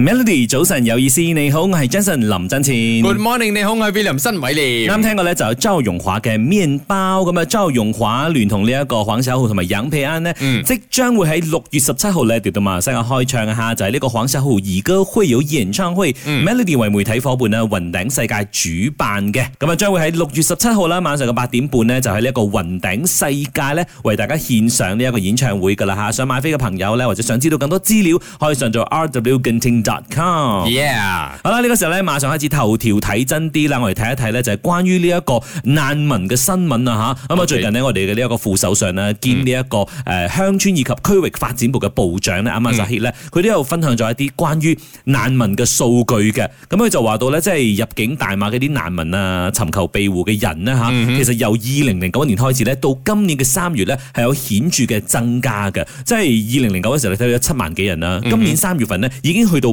Melody 早晨有意思，你好，我係 Jason 林振前。Good morning，你好，我係 William 申偉廉。啱聽過咧就有周容華嘅麵包咁啊，周容華聯同呢一個黃小浩同埋楊佩安咧，即將會喺六月十七號咧喺馬來西亞開唱嘅吓，就係呢個黃小浩兒歌會有演唱會，Melody 為媒體伙伴呢雲頂世界主辦嘅，咁啊將會喺六月十七號啦晚上嘅八點半呢，就喺呢一個雲頂世界咧為大家獻上呢一個演唱會噶啦吓，想買飛嘅朋友咧或者想知道更多資料，可以上咗。R W yeah 好啦，呢、這個時候咧，馬上開始頭條睇真啲啦，我哋睇一睇呢，就係關於呢一個難民嘅新聞啊吓，咁啊，最近呢，我哋嘅呢一個副首相呢，mm hmm. 兼呢、這、一個誒鄉村以及區域發展部嘅部長呢，阿馬扎希呢，佢、hmm. 啊、都有分享咗一啲關於難民嘅數據嘅，咁佢就話到呢，即、就、係、是、入境大馬嘅啲難民啊，尋求庇護嘅人呢。吓、mm，hmm. 其實由二零零九年開始呢，到今年嘅三月呢，係有顯著嘅增加嘅，即係二零零九嘅時候你睇到有七萬幾人啦，今年三月份呢，已經去到。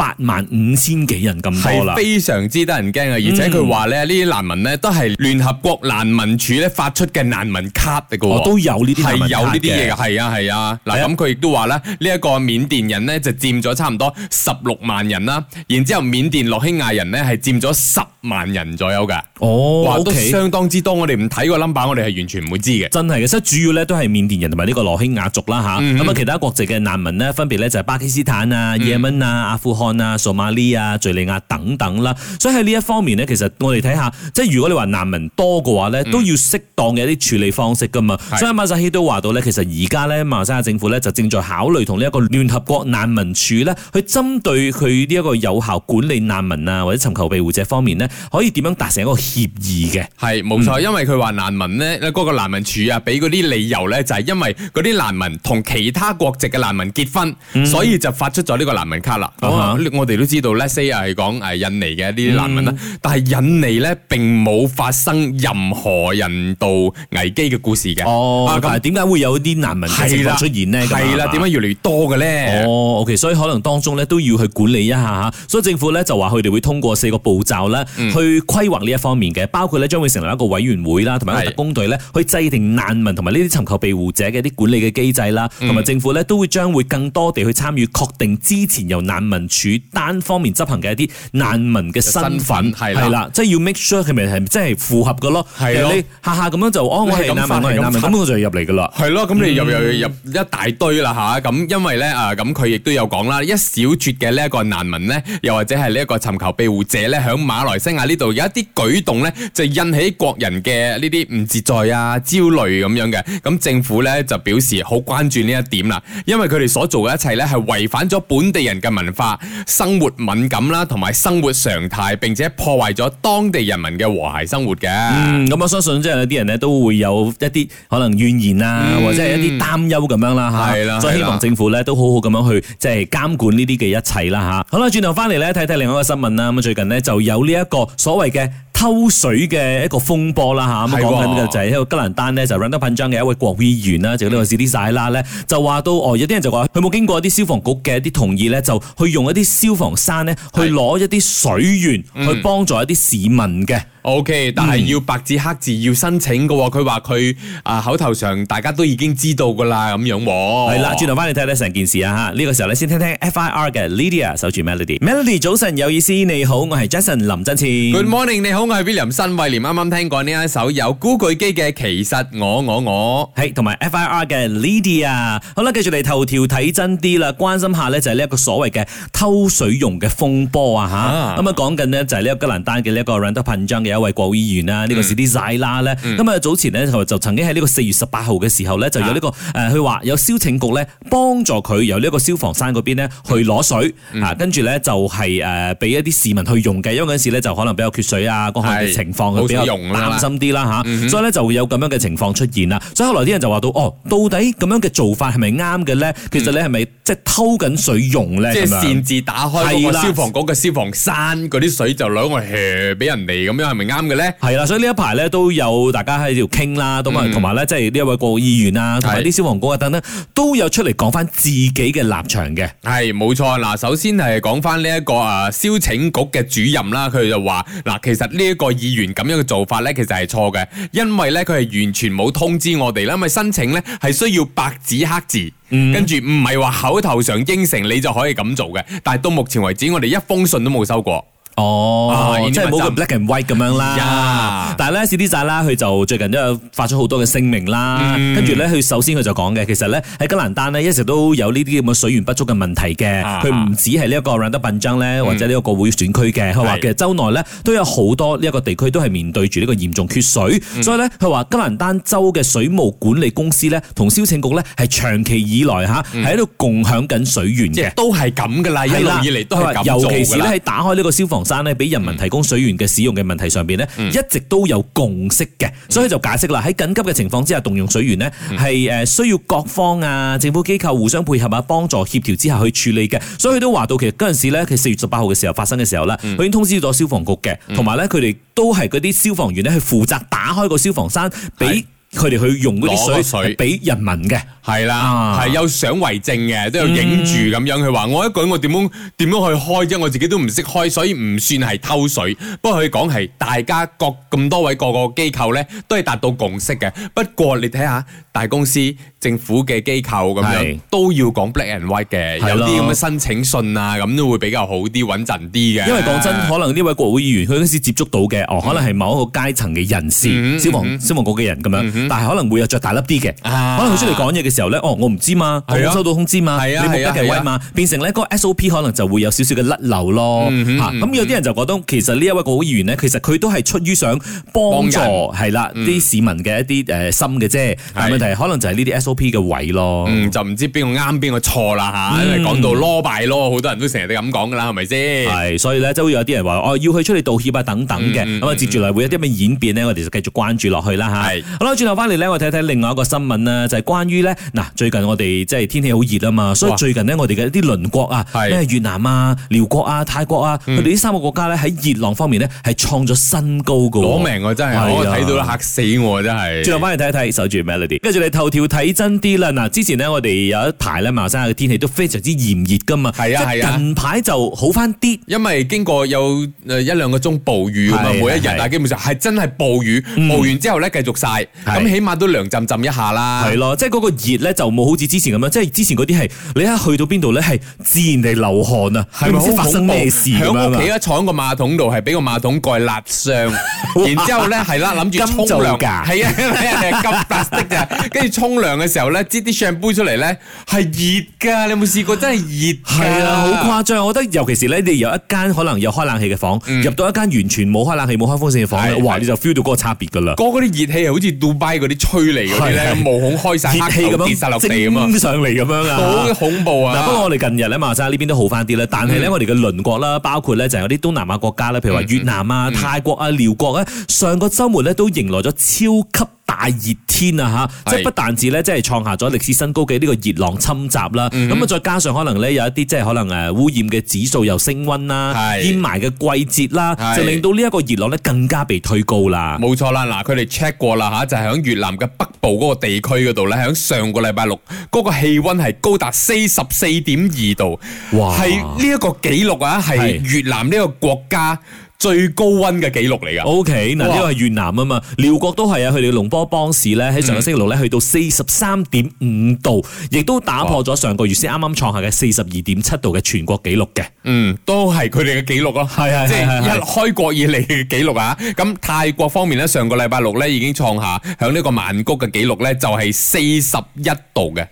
八萬五千幾人咁多啦，非常之得人驚啊！而且佢話咧，呢啲難民呢，都係聯合國難民署咧發出嘅難民卡嚟嘅、哦、都有呢啲係有呢啲嘢嘅，係啊係啊，嗱，咁佢亦都話咧，呢一個緬甸人呢，就佔咗差唔多十六萬人啦，然之後緬甸羅興亞人呢，係佔咗十萬人左右㗎，哦，都相當之多。哦 okay、我哋唔睇個 number，我哋係完全唔會知嘅。真係嘅，所以主要呢，都係緬甸人同埋呢個羅興亞族啦吓，咁啊、嗯、哼其他國籍嘅難民呢，分別呢，就係巴基斯坦啊、也門啊、阿富汗。啊啊啊啊啊，索馬利亞、敍利亞等等啦，所以喺呢一方面咧，其實我哋睇下，即係如果你話難民多嘅話咧，嗯、都要適當嘅一啲處理方式噶嘛。是所以馬薩希都話到咧，其實而家呢，馬來西亞政府呢，就正在考慮同呢一個聯合國難民處署呢，去針對佢呢一個有效管理難民啊，或者尋求庇護者方面呢，可以點樣達成一個協議嘅。係冇錯，嗯、因為佢話難民呢，嗰、嗰個難民署啊，俾嗰啲理由呢，就係因為嗰啲難民同其他國籍嘅難民結婚，所以就發出咗呢個難民卡啦。嗯 uh huh. 我哋都知道，let's say 係講誒印尼嘅一啲難民啦。但係印尼咧並冇發生任何人道危機嘅故事嘅。哦，但係點解會有啲難民出現呢？係啦，點解越嚟越多嘅咧？哦，OK，所以可能當中咧都要去管理一下吓，所以政府咧就話佢哋會通過四個步驟啦，去規劃呢一方面嘅，包括咧將會成立一個委員會啦，同埋一個特工隊咧去制定難民同埋呢啲尋求庇護者嘅啲管理嘅機制啦，同埋政府咧都會將會更多地去參與確定之前由難民處。與單方面執行嘅一啲難民嘅身份係啦，即係要 make sure 佢咪係即係符合嘅咯。係咯的，的下下咁樣就哦，係的難民，的難民咁，我的就要入嚟嘅啦。係咯，咁你又又入一大堆啦嚇。咁、嗯、因為咧啊，咁佢亦都有講啦，一小撮嘅呢一個難民咧，又或者係呢一個尋求庇護者咧，喺馬來西亞呢度有一啲舉動咧，就引起國人嘅呢啲唔自在啊、焦慮咁樣嘅。咁政府咧就表示好關注呢一點啦，因為佢哋所做嘅一切咧係違反咗本地人嘅文化。生活敏感啦，同埋生活常態，並且破壞咗當地人民嘅和諧生活嘅。嗯，咁我相信即係有啲人呢都會有一啲可能怨言啊，嗯、或者係一啲擔憂咁樣啦嚇。係啦、嗯，所以希望政府咧都好好咁樣去即係監管呢啲嘅一切啦、啊、吓，好啦，轉頭翻嚟咧睇睇另外一個新聞啦、啊。咁最近呢，就有呢一個所謂嘅偷水嘅一個風波啦、啊、吓，咁講緊就係喺個吉蘭丹呢，就是、Rantau Panjang 嘅一位國會議員啦，就呢、是、個史蒂塞拉咧，嗯、就話到哦，有啲人就話佢冇經過啲消防局嘅一啲同意咧，就去用一啲。啲消防山咧，去攞一啲水源去幫助一啲市民嘅。O.K. 但係要白紙黑字要申請嘅喎，佢話佢啊口頭上大家都已經知道噶啦咁樣。係啦，轉頭翻嚟睇睇成件事啊吓。呢、這個時候咧，先聽聽 F.I.R. 嘅 Lydia 守住 Melody。Melody 早晨有意思，你好，我係 Jason 林振前。Good morning，你好，我係 William 新威廉。啱啱聽講呢一首有古巨基嘅其實我我我係同埋 F.I.R. 嘅 Lydia。Ia, 好啦，繼續嚟頭條睇真啲啦，關心下呢，就係呢一個所謂嘅偷水用嘅風波啊吓。咁啊講緊呢，就係呢一個吉蘭丹嘅呢一個 round 噴漿嘅。有一位國會議員啊，呢、這個是啲曬啦咧。咁、嗯、啊早前咧就曾經喺呢個四月十八號嘅時候咧，就有呢、這個誒，佢話、嗯呃、有消防局咧幫助佢由呢個消防山嗰邊咧去攞水、嗯嗯、啊，跟住咧就係誒俾一啲市民去用嘅。因為嗰時咧就可能比較缺水啊，嗰下情況係比較擔心啲啦嚇。是是所以咧就會有咁樣嘅情況出現啦。嗯嗯、所以後來啲人就話到哦，到底咁樣嘅做法係咪啱嘅咧？其實你係咪即係偷緊水用咧？即係、嗯、擅自打開消防局嘅對消防山嗰啲、那個、水就攞去俾人哋咁樣。是係啱嘅咧，係啦， 所以呢一排咧都有大家喺度傾啦，同埋同埋咧即係呢一位個議員啊，同埋啲消防局啊等等都有出嚟講翻自己嘅立場嘅。係冇錯，嗱，首先係講翻呢一個啊消拯局嘅主任啦，佢就話嗱，其實呢一個議員咁樣嘅做法咧，其實係錯嘅，因為咧佢係完全冇通知我哋啦，因為申請咧係需要白紙黑字，跟住唔係話口頭上應承你就可以咁做嘅，但係到目前為止我哋一封信都冇收過。哦，即係冇咁 black and white 咁樣啦。但係咧，史蒂仔啦，佢就最近都有發出好多嘅聲明啦。跟住咧，佢首先佢就講嘅，其實咧喺吉蘭丹咧，一直都有呢啲咁嘅水源不足嘅問題嘅。佢唔止係呢一個蘭德笨章咧，或者呢一個國會選區嘅。佢話其實州內咧都有好多呢一個地區都係面對住呢個嚴重缺水。所以咧，佢話吉蘭丹州嘅水務管理公司咧同消防局咧係長期以來嚇係喺度共享緊水源嘅，都係咁嘅啦。一路以嚟都係咁做嘅。尤其是咧喺打開呢個消防山咧，俾人民提供水源嘅使用嘅問題上邊咧，一直都有共識嘅，所以就解釋啦。喺緊急嘅情況之下，動用水源咧，係誒需要各方啊、政府機構互相配合啊、幫助協調之下去處理嘅。所以佢都話到，其實嗰陣時咧，佢四月十八號嘅時候發生嘅時候咧，佢已經通知咗消防局嘅，同埋咧佢哋都係嗰啲消防員咧去負責打開個消防山俾。佢哋去用啲水個水俾人民嘅的，係啦，係有相為證嘅，都有影住咁樣去話。我一個人我點樣點樣去開啫？嗯、我自己都唔識開，所以唔算係偷水。不過佢講，係大家各咁多位各個機構呢，都係達到共識嘅。不過你睇下大公司。政府嘅機構咁樣都要講 black and white 嘅，有啲咁嘅申請信啊，咁都會比較好啲，穩陣啲嘅。因為講真，可能呢位國會議員佢嗰時接觸到嘅，哦，可能係某一個階層嘅人士，消防消防局嘅人咁樣，但係可能會有着大粒啲嘅，可能佢出嚟講嘢嘅時候咧，哦，我唔知嘛，冇收到通知嘛，你冇得嘅威嘛，變成咧個 SOP 可能就會有少少嘅甩漏咯，咁有啲人就覺得其實呢一位國會議員咧，其實佢都係出於想幫助係啦啲市民嘅一啲誒心嘅啫，但係問題可能就係呢啲 P 嘅位咯，就唔知邊個啱邊個錯啦吓。講、啊嗯、到攞敗咯，好多人都成日都咁講噶啦，係咪先？係，所以咧，就會有啲人話哦，要去出嚟道歉啊等等嘅。咁啊、嗯，嗯、接住嚟會有啲咩演變咧？我哋就繼續關注落去啦吓。啊、是好啦，轉頭翻嚟咧，我睇睇另外一個新聞啦，就係、是、關於咧嗱，最近我哋即係天氣好熱啊嘛，所以最近咧我哋嘅一啲鄰國啊，咩哇是越南啊、寮國啊、泰國啊，佢哋呢三個國家咧喺熱浪方面咧係創咗新高噶。攞命啊！真係，啊、我睇到咧吓死我真係。轉頭翻嚟睇一睇，守住 Melody，跟住嚟頭條睇。真啲啦，嗱，之前咧我哋有一排咧，馬鞍山嘅天氣都非常之炎熱噶嘛。係啊，係啊。近排就好翻啲，因為經過有誒一兩個鐘暴雨咁啊，每一日啊，基本上係真係暴雨，暴完之後咧繼續晒，咁起碼都涼浸浸一下啦。係咯，即係嗰個熱咧就冇好似之前咁樣，即係之前嗰啲係你一去到邊度咧係自然地流汗啊，唔知發生咩事咁，屋企一坐喺個馬桶度係俾個馬桶蓋壓傷，然之後咧係啦，諗住沖涼，係啊，金造係啊，金白色的，跟住沖涼嘅。時候咧，擠啲相杯出嚟咧，係熱㗎。你有冇試過？真係熱啊，好誇張。我覺得，尤其是咧，你有一間可能有開冷氣嘅房，入到一間完全冇開冷氣、冇開風扇嘅房咧，哇！你就 feel 到嗰個差別㗎啦。嗰嗰啲熱氣係好似杜拜嗰啲吹嚟嗰啲咧，毛孔開晒熱氣咁樣晒落嚟啊嘛，上嚟咁樣啊，好恐怖啊！不過我哋近日咧馬來西亞呢邊都好翻啲啦，但係咧我哋嘅鄰國啦，包括咧就係有啲東南亞國家啦，譬如話越南啊、泰國啊、寮國咧，上個週末咧都迎來咗超級大熱天啊！嚇是，即係不但止咧，即係創下咗歷史新高嘅呢個熱浪侵襲啦。咁啊、嗯哼，再加上可能咧有一啲即係可能誒污染嘅指數又升温啦，煙霾嘅季節啦，是就令到呢一個熱浪咧更加被推高啦。冇錯啦，嗱，佢哋 check 過啦嚇，就係、是、喺越南嘅北部嗰個地區嗰度咧，喺上個禮拜六嗰、那個氣温係高達四十四點二度，哇，係呢一個紀錄啊，係越南呢個國家。是最高温嘅記錄嚟噶，O K 嗱，呢個係越南啊嘛，哇寮國都係啊，佢哋嘅龍波邦市咧喺上個星期六咧去到四十三點五度，亦都、嗯、打破咗上個月先啱啱創下嘅四十二點七度嘅全國記錄嘅，嗯，都係佢哋嘅記錄咯，係係 即係一開國以嚟嘅記錄啊！咁 泰國方面咧，上個禮拜六咧已經創下喺呢個曼谷嘅記錄咧，就係四十一度嘅。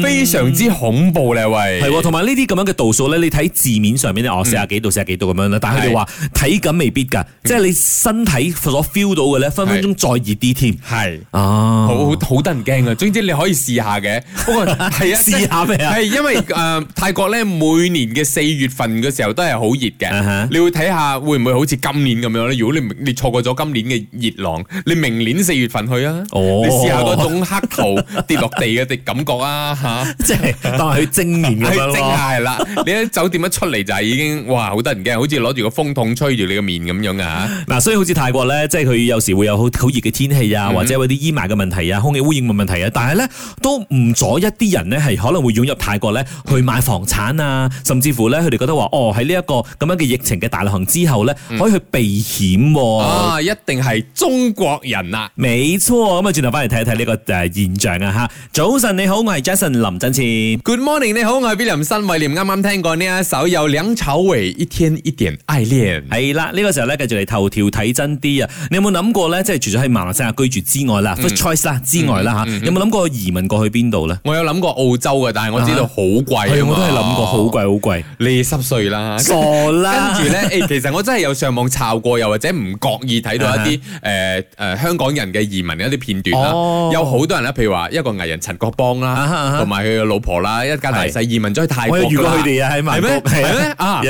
非常之恐怖咧，喂！係同埋呢啲咁樣嘅度數咧，你睇字面上面咧，我四啊幾度、四啊幾度咁樣啦，但係佢哋話睇緊未必噶，即係你身體所 feel 到嘅咧，分分鐘再熱啲添。係，哦，好好得人驚啊！總之你可以試下嘅，不過係啊，試下咩啊？係因為誒泰國咧，每年嘅四月份嘅時候都係好熱嘅，你會睇下會唔會好似今年咁樣咧？如果你你錯過咗今年嘅熱浪，你明年四月份去啊，你試下嗰種黑陶跌落地嘅感覺啊！啊吓，即係當佢正面咁樣咯，係啦。你喺酒店一出嚟就係已經，哇，好得人驚，好似攞住個風筒吹住你個面咁樣噶吓。嗱，啊，所以好似泰國咧，即係佢有時會有好好熱嘅天氣啊，或者嗰啲煙霾嘅問題啊，空氣污染嘅問題啊。但係咧都唔阻一啲人咧係可能會湧入泰國咧去買房產啊，甚至乎咧佢哋覺得話，哦，喺呢一個咁樣嘅疫情嘅大流行之後咧，可以去避險，啊。啊，一定係中國人啊，沒錯。咁啊，轉頭翻嚟睇一睇呢個誒現象啊，吓，早晨你好。我係 Jason 林振前。Good morning，你好，我係 William 新威廉。啱啱聽過呢一首由梁朝偉《一天一點愛戀》。係啦，呢個時候咧繼續嚟頭條睇真啲啊！你有冇諗過咧？即係除咗喺馬來西亞居住之外啦，First choice 啦之外啦吓，有冇諗過移民過去邊度咧？我有諗過澳洲嘅，但係我知道好貴啊嘛。我都係諗過好貴，好貴。你濕碎啦，傻啦。跟住咧，誒，其實我真係有上網查過，又或者唔覺意睇到一啲誒誒香港人嘅移民嘅一啲片段啦。有好多人咧，譬如話一個藝人陳國邦啦。同埋佢嘅老婆啦，一家大細移民咗去泰國，如果佢哋啊，喺曼谷。係咩？係咩？啊！佢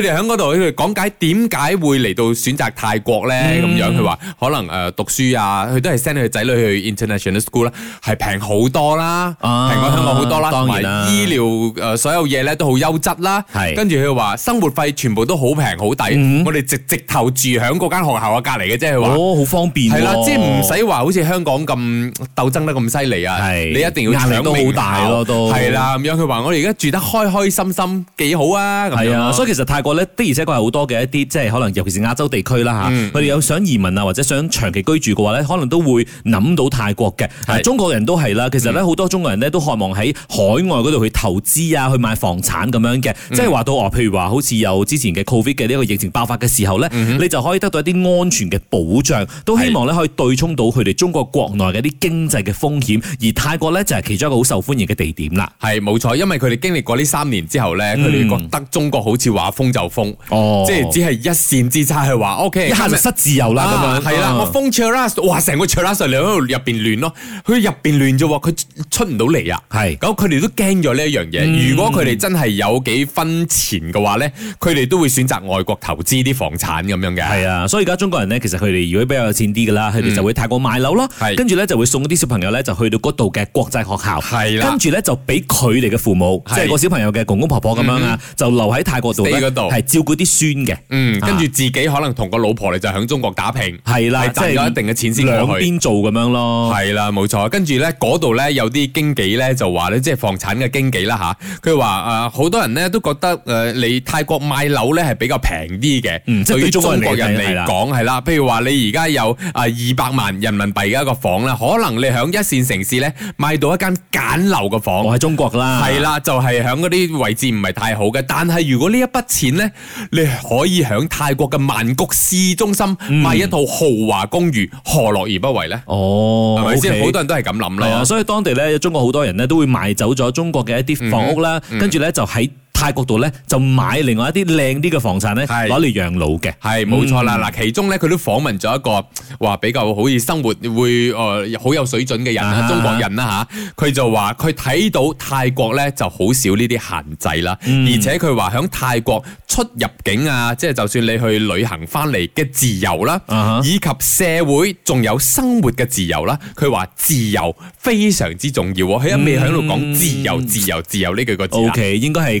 哋喺嗰度，佢哋講解點解會嚟到選擇泰國咧？咁樣佢話可能誒讀書啊，佢都係 send 佢仔女去 international school 啦，係平好多啦，平過香港好多啦，同埋醫療誒所有嘢咧都好優質啦。跟住佢話生活費全部都好平好抵，我哋直直頭住喺嗰間學校啊，隔離嘅啫。哦，好方便。係啦，即係唔使話好似香港咁鬥爭得咁犀利啊！你一定要都好大咯，都係啦咁樣。佢話：我哋而家住得開開心心，幾好啊！係啊的，樣所以其實泰國咧的而且確係好多嘅一啲，即係可能尤其是亞洲地區啦嚇。佢哋有想移民啊，或者想長期居住嘅話咧，可能都會諗到泰國嘅。的中國人都係啦，其實咧好多中國人咧都渴望喺海外嗰度去投資啊，去買房產咁樣嘅。即係話到話，譬、嗯、如話好似有之前嘅 Covid 嘅呢個疫情爆發嘅時候咧，嗯、你就可以得到一啲安全嘅保障，都希望咧可以對沖到佢哋中國國內嘅一啲經濟嘅風險。而泰國咧就係其中一個。好受歡迎嘅地點啦，係冇錯，因為佢哋經歷過呢三年之後咧，佢哋、嗯、覺得中國好似話封就封，哦、即係只係一線之差，係話 O K，一下咪失自由啦咁樣，係啦、啊，嗯、我封 Charles 哇，成個 Charles 度入邊亂咯，佢入邊亂咗喎，佢出唔到嚟啊，係是的，咁佢哋都驚咗呢一樣嘢，如果佢哋真係有幾分錢嘅話咧，佢哋都會選擇外國投資啲房產咁樣嘅，係啊，所以而家中國人咧，其實佢哋如果比較有錢啲嘅啦，佢哋就會泰國買樓咯，是的 跟住咧就會送啲小朋友咧就去到嗰度嘅國際學校。係啦，跟住咧就俾佢哋嘅父母，即係個小朋友嘅公公婆婆咁樣啊，就留喺泰國度，度係照顧啲孫嘅。嗯，跟住自己可能同個老婆嚟就喺中國打拼，係啦，賺咗一定嘅錢先過去。兩邊做咁樣咯，係啦，冇錯。跟住咧嗰度咧有啲經紀咧就話咧，即係房產嘅經紀啦吓，佢話誒，好多人咧都覺得誒，你泰國買樓咧係比較平啲嘅，嗯，即係對中國人嚟講係啦。譬如話你而家有啊二百萬人民幣嘅一個房啦，可能你喺一線城市咧買到一間。簡陋嘅房，我喺中國啦，係啦，就係響嗰啲位置唔係太好嘅。但係如果一筆呢一筆錢呢，你可以響泰國嘅曼谷市中心買一套豪華公寓，嗯、何樂而不為呢？哦，係咪先？好 Okay. 多人都係咁諗啦。所以當地呢，中國好多人呢都會賣走咗中國嘅一啲房屋啦，嗯嗯、跟住呢，就喺，泰國度咧就買另外一啲靚啲嘅房產咧，攞嚟養老嘅係冇錯啦。嗱、嗯，其中咧佢都訪問咗一個話比較好似生活會誒、呃、好有水準嘅人啊，中國人啦吓，佢、啊、就話佢睇到泰國咧就好少呢啲限制啦，嗯、而且佢話響泰國出入境啊，即、就、係、是、就算你去旅行翻嚟嘅自由啦、啊，啊、哈以及社會仲有生活嘅自由啦、啊，佢話自由非常之重要、啊。佢一味響度講自由、自由、自由呢幾、啊那個字。O K，應該係